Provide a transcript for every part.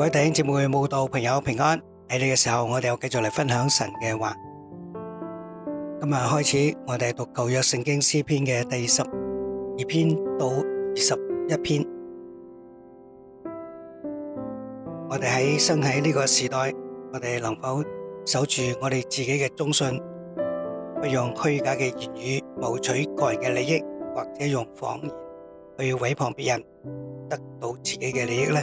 各位弟兄姊妹、慕道朋友平安。喺呢個時候，我哋又繼續嚟分享神嘅話。今日開始，我哋讀舊約聖經詩篇嘅第十二篇到二十一篇。我哋喺生喺呢個時代，我哋能否守住我哋自己嘅忠信，不用虛假嘅言語謀取個人嘅利益，或者用謊言去毀謗別人，得到自己嘅利益呢？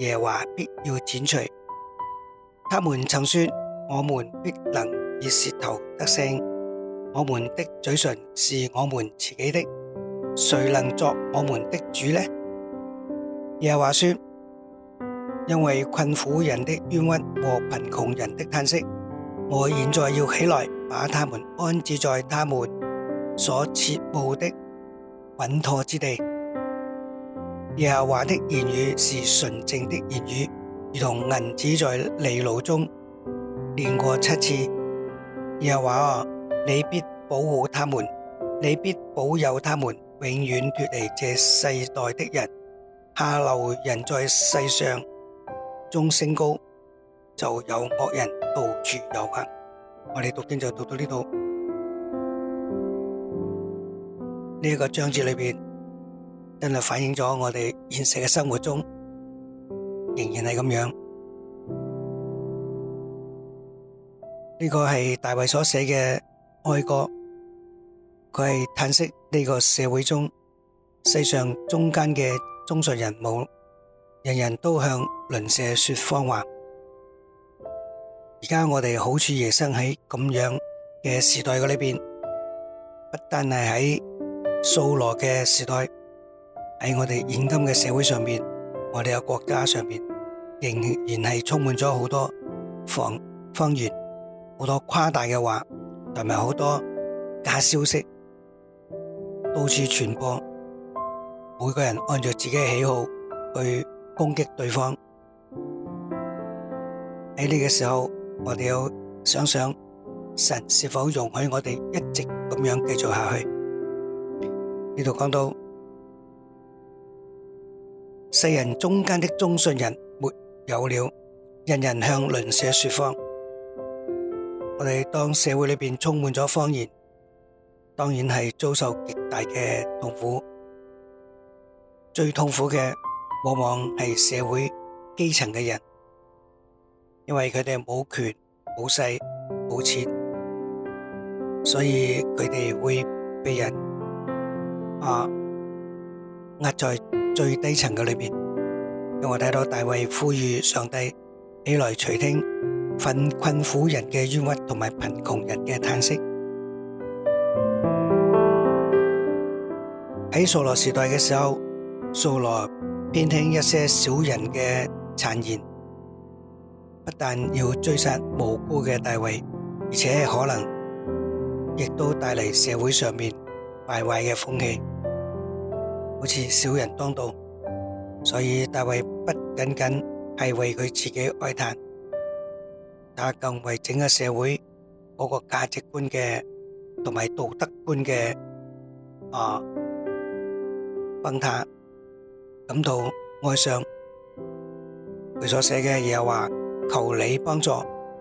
耶華必要剪除。他們曾說：我們必能以舌頭得勝。我們的嘴唇是我們自己的，誰能作我們的主呢？耶華說：因為困苦人的冤屈和貧窮人的嘆息，我現在要起來，把他們安置在他們所切慕的穩妥之地。耶和華的言語是純淨的言語，如同銀子在泥爐中煉過七次。耶和華啊，你必保護他們，你必保佑他們，永遠脫離這世代的人。下流人在世上中升高，就有惡人到處遊行。我哋讀經就讀到呢度，呢個章節裏邊。真係反映咗我哋現實嘅生活中，仍然係咁樣。呢、這個係大衛所寫嘅哀歌，佢係嘆息呢個社會中，世上中間嘅忠信人冇，人人都向鄰舍說謊話。而家我哋好似夜生喺咁樣嘅時代嘅裏邊，不單係喺掃羅嘅時代。喺我哋現今嘅社會上面，我哋嘅國家上面仍然係充滿咗好多謊謊言、好多誇大嘅話，同埋好多假消息到處傳播。每個人按照自己嘅喜好去攻擊對方。喺呢個時候，我哋要想想神是否容許我哋一直咁樣繼續下去？呢度講到。世人中間的忠信人沒有了，人人向鄰舍說謊。我哋當社會裏邊充滿咗謊言，當然係遭受極大嘅痛苦。最痛苦嘅，往往係社會基層嘅人，因為佢哋冇權、冇勢、冇錢，所以佢哋會被人、啊壓在最低層嘅裏面，令我睇到大衛呼籲上帝，起來垂聽，憤困苦人嘅冤屈同埋貧窮人嘅嘆息。喺掃羅時代嘅時候，掃羅偏聽一些小人嘅讒言，不但要追殺無辜嘅大衛，而且可能亦都帶嚟社會上面敗壞嘅風氣。好似小人當道，所以大衛不僅僅係為佢自己哀嘆，他更為整個社會嗰個價值觀嘅同埋道德觀嘅啊崩塌感到哀傷。佢所寫嘅嘢又話：求你幫助，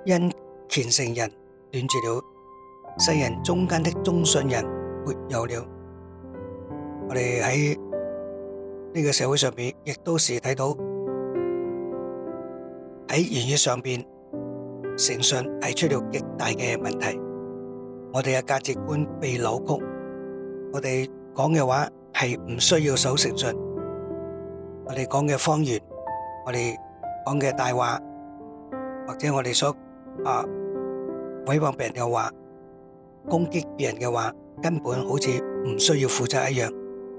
因虔誠人斷絕了，世人中間的忠信人沒有了。我哋喺。呢個社會上面亦都是睇到喺言語上面誠信係出了極大嘅問題，我哋嘅價值觀被扭曲，我哋講嘅話係唔需要守誠信，我哋講嘅謊言，我哋講嘅大話，或者我哋所啊誹謗別人嘅話，攻擊別人嘅話，根本好似唔需要負責一樣。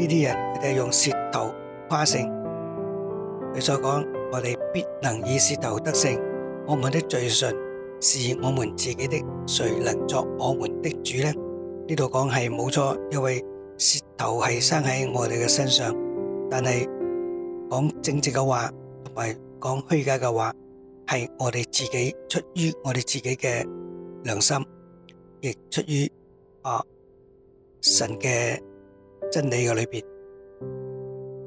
呢啲人佢哋用舌頭誇勝，佢再講我哋必能以舌頭得勝。我們的嘴唇是我們自己的，誰能作我們的主呢？呢度講係冇錯，因為舌頭係生喺我哋嘅身上，但係講正直嘅話同埋講虛假嘅話，係我哋自己出於我哋自己嘅良心，亦出於啊神嘅。真理嘅裏邊，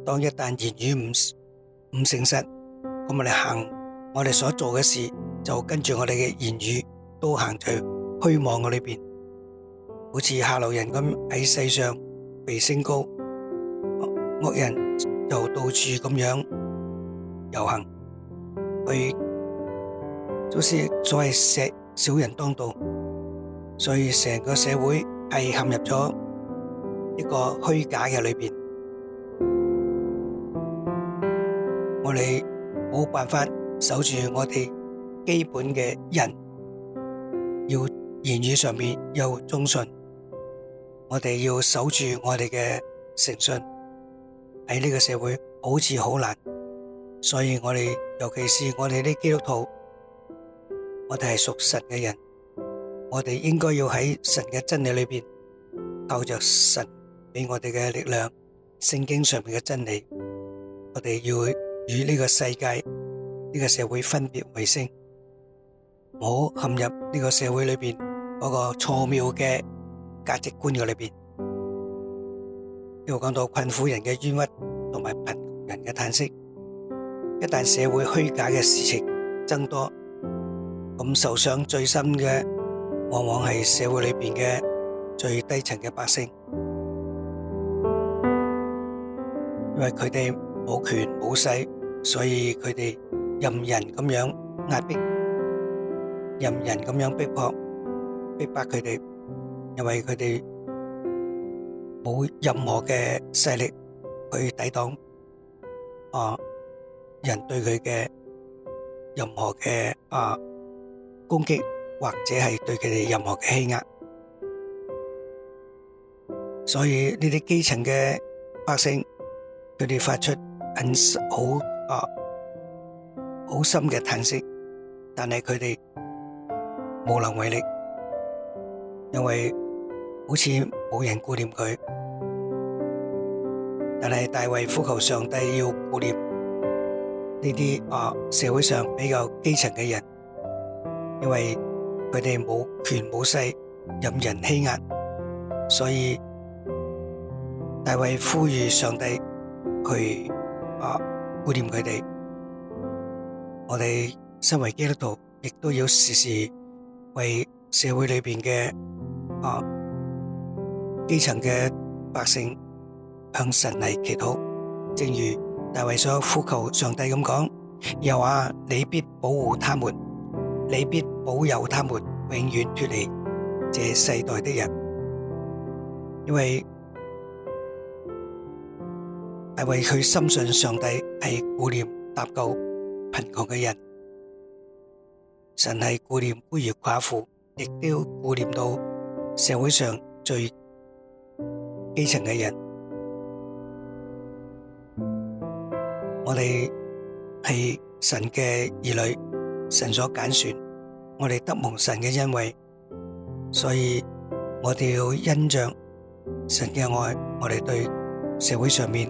當一旦言語唔唔誠實，咁我哋行，我哋所做嘅事就跟住我哋嘅言語都行在虛妄嘅裏邊，好似下流人咁喺世上被升高，惡人就到處咁樣遊行，去做事，所謂小人當道，所以成個社會係陷入咗。一個虛假嘅裏邊，我哋冇辦法守住我哋基本嘅人，要言語上面有忠信，我哋要守住我哋嘅誠信，喺呢個社會好似好難，所以我哋尤其是我哋啲基督徒，我哋係屬神嘅人，我哋應該要喺神嘅真理裏邊靠着神。俾我哋嘅力量，聖經上面嘅真理，我哋要與呢個世界，呢個社會分別為聖，唔好陷入呢個社會裏邊嗰個錯謬嘅價值觀嘅裏邊。要講到困苦人嘅冤屈，同埋貧窮人嘅嘆息。一旦社會虛假嘅事情增多，咁受傷最深嘅，往往係社會裏邊嘅最低層嘅百姓。因為佢哋冇權冇勢，所以佢哋任人咁樣壓迫，任人咁樣逼迫、逼迫佢哋。因為佢哋冇任何嘅勢力去抵擋啊人對佢嘅任何嘅啊攻擊，或者係對佢哋任何嘅欺壓。所以呢啲基層嘅百姓。佢哋發出很好啊好深嘅嘆息，但係佢哋無能為力，因為好似冇人顧念佢。但係大衛呼求上帝要顧念呢啲啊社會上比較基層嘅人，因為佢哋冇權冇勢，任人欺壓，所以大衛呼籲上帝。佢啊，顧念佢哋，我哋身為基督徒，亦都要時時為社會裏邊嘅啊基層嘅百姓向神嚟祈禱。正如大衛所呼求上帝咁講，又話你必保護他們，你必保佑他們，永遠脫離這世代的人，因為。為佢深信上帝係顧念、搭救貧窮嘅人，神係顧念孤兒寡婦，亦都顧念到社會上最基層嘅人。我哋係神嘅兒女，神所揀選，我哋得蒙神嘅恩惠，所以我哋要恩仗神嘅愛。我哋對社會上面。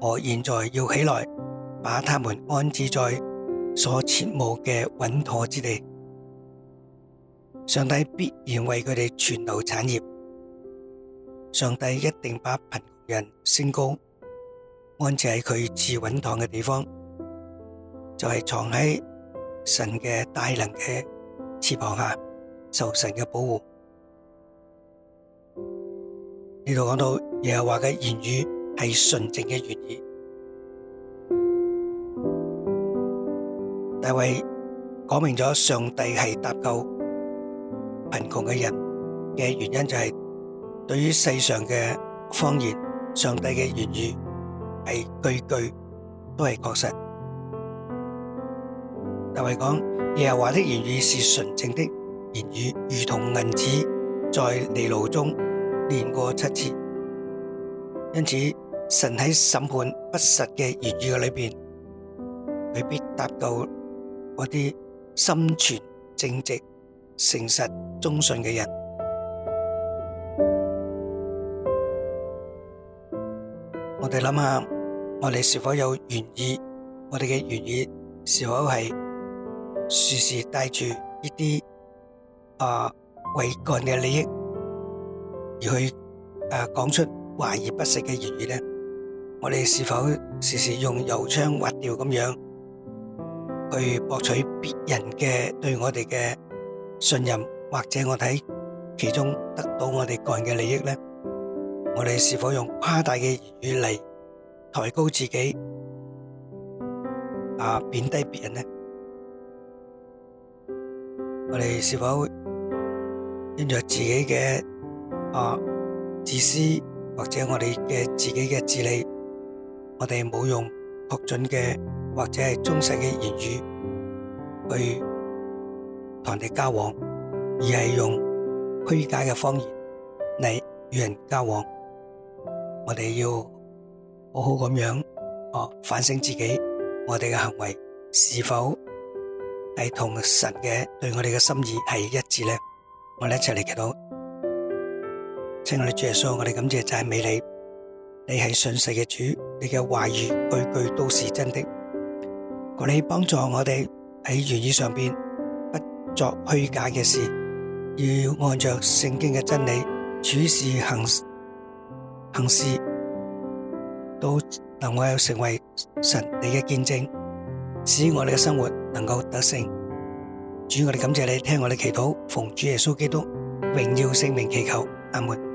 我現在要起來，把他們安置在所切慕嘅穩妥之地。上帝必然為佢哋傳導產業，上帝一定把貧窮人升高，安置喺佢自穩妥嘅地方，就係藏喺神嘅大能嘅翅膀下，受神嘅保護。呢度講到耶和華嘅言語。係純正嘅言語，大衛講明咗上帝係搭救貧窮嘅人嘅原因，就係對於世上嘅謊言，上帝嘅言語係句句都係確實。大衛講，耶和華的言語是純正的言語，如同銀子在泥爐中煉過七次，因此。神喺審判不實嘅言語嘅裏邊，未必達到嗰啲心存正直、誠實、忠信嘅人。我哋諗下，我哋是否有言語？我哋嘅言語是否係時時帶住呢啲啊為個人嘅利益而去誒講、呃、出華而不實嘅言語呢？我哋是否時時用油腔滑調咁樣去博取別人嘅對我哋嘅信任，或者我哋其中得到我哋個人嘅利益咧？我哋是否用誇大嘅言語嚟抬高自己，啊貶低別人咧？我哋是否因着自己嘅啊自私，或者我哋嘅自己嘅自利？我哋冇用確準嘅或者係忠實嘅言語去同人交往，而係用虛假嘅方言嚟與人交往。我哋要好好咁樣哦反省自己，我哋嘅行為是否係同神嘅對我哋嘅心意係一致咧？我哋一齊嚟祈禱，請我哋主耶穌，我哋感謝讚美你。你係信實嘅主，你嘅話語句句都是真的。求你幫助我哋喺言語上邊不做虛假嘅事，要按照聖經嘅真理處事行行事，都能夠成為神你嘅見證，使我哋嘅生活能夠得勝。主，我哋感謝你聽我哋祈禱，奉主耶穌基督榮耀聖名祈求，阿門。